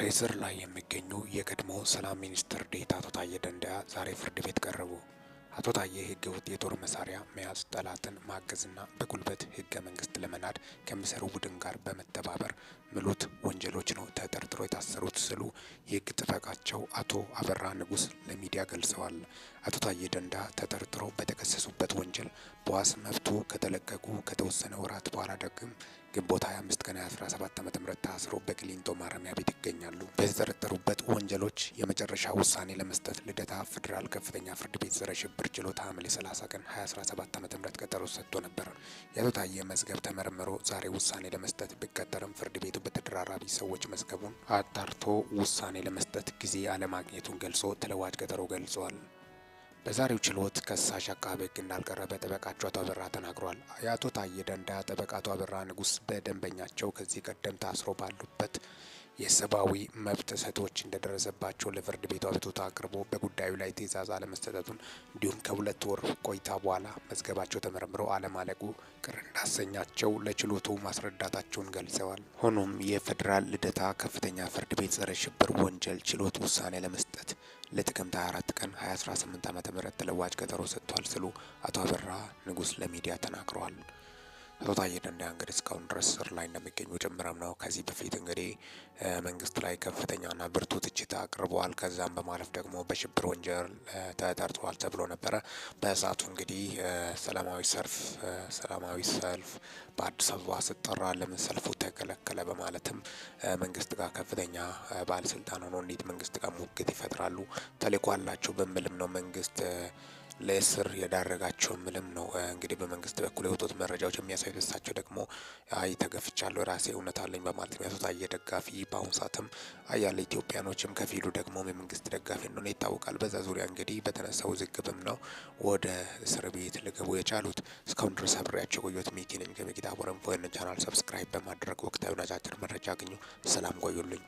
በእስር ላይ የሚገኙ የቀድሞ ሰላም ሚኒስትር ዴኤታ አቶ ታዬ ደንደአ ዛሬ ፍርድ ቤት ቀረቡ። አቶ ታዬ ህገ ወጥ የጦር መሳሪያ መያዝ፣ ጠላትን ማገዝና በጉልበት ህገ መንግስት ለመናድ ከሚሰሩ ቡድን ጋር በመተባበር ምሉት ወንጀሎች ነው ተጠርጥሮ የታሰሩት ስሉ የህግ ጠበቃቸው አቶ አበራ ንጉስ ለሚዲያ ገልጸዋል። አቶ ታዬ ደንደአ ተጠርጥሮ በተከሰሱበት ወንጀል በዋስ መብቱ ከተለቀቁ ከተወሰነ ወራት በኋላ ደግም ግንቦት 25 ቀን 2017 ዓ.ም ታስሮ በቂሊንጦ ማረሚያ ቤት ይገኛሉ። በተጠረጠሩበት ወንጀሎች የመጨረሻ ውሳኔ ለመስጠት ልደታ ፌዴራል ከፍተኛ ፍርድ ቤት ጸረ ሽብር ችሎት ሐምሌ 30 ቀን 2017 ዓ.ም ቀጠሮ ሰጥቶ ነበር። የአቶ ታዬ መዝገብ ተመርምሮ ዛሬ ውሳኔ ለመስጠት ቢቀጠርም ፍርድ ቤቱ በተደራራቢ ሰዎች መዝገቡን አጣርቶ ውሳኔ ለመስጠት ጊዜ አለማግኘቱን ገልጾ ተለዋጭ ቀጠሮ ገልጿል። በዛሬው ችሎት ከሳሽ አቃቤ ሕግ እንዳልቀረበ ጠበቃቸው አቶ አበራ ተናግሯል። የአቶ ታዬ ደንዳ ጠበቃ አቶ አበራ ንጉስ በደንበኛቸው ከዚህ ቀደም ታስሮ ባሉበት የሰብአዊ መብት ጥሰቶች እንደደረሰባቸው ለፍርድ ቤቱ አቤቱታ አቅርቦ በጉዳዩ ላይ ትዕዛዝ አለመሰጠቱን እንዲሁም ከሁለት ወር ቆይታ በኋላ መዝገባቸው ተመርምሮ አለማለቁ ቅር እንዳሰኛቸው ለችሎቱ ማስረዳታቸውን ገልጸዋል። ሆኖም የፌዴራል ልደታ ከፍተኛ ፍርድ ቤት ጸረ ሽብር ወንጀል ችሎት ውሳኔ ለመስጠት ለጥቅምት 24 ቀን 2018 ዓ.ም ተለዋጭ ቀጠሮ ሰጥቷል ሲሉ አቶ አበራ ንጉስ ለሚዲያ ተናግረዋል። አቶ ታዬ ደንደአ እንግዲህ እስካሁን ድረስ ስር ላይ እንደሚገኙ ጭምርም ነው። ከዚህ በፊት እንግዲህ መንግስት ላይ ከፍተኛና ብርቱ ትችት አቅርበዋል። ከዛም በማለፍ ደግሞ በሽብር ወንጀል ተጠርጥሯል ተብሎ ነበረ። በእሳቱ እንግዲህ ሰላማዊ ሰልፍ ሰላማዊ ሰልፍ በአዲስ አበባ ስጠራ ለምን ሰልፉ ተከለከለ በማለትም መንግስት ጋር ከፍተኛ ባለስልጣን ሆኖ እንዴት መንግስት ጋር ሙግት ይፈጥራሉ ተልዕኮ አላቸው በሚልም ነው መንግስት ለእስር የዳረጋቸው ምልም ነው እንግዲህ በመንግስት በኩል የወጡት መረጃዎች የሚያሳዩት። እሳቸው ደግሞ አይ ተገፍቻለሁ፣ ራሴ እውነት አለኝ በማለት የሚያሱት አየ ደጋፊ በአሁኑ ሰዓትም አያለ ኢትዮጵያኖችም ከፊሉ ደግሞ የመንግስት ደጋፊ እንደሆነ ይታወቃል። በዛ ዙሪያ እንግዲህ በተነሳው ዝግብም ነው ወደ እስር ቤት ሊገቡ የቻሉት። እስካሁን ድረስ አብሬያቸው ቆየሁት። ሚኪ ነኝ ከሚኪታ ቦረንፎ። ቻናል ሰብስክራይብ በማድረግ ወቅታዊ አጫጭር መረጃ አግኙ። ሰላም ቆዩልኝ።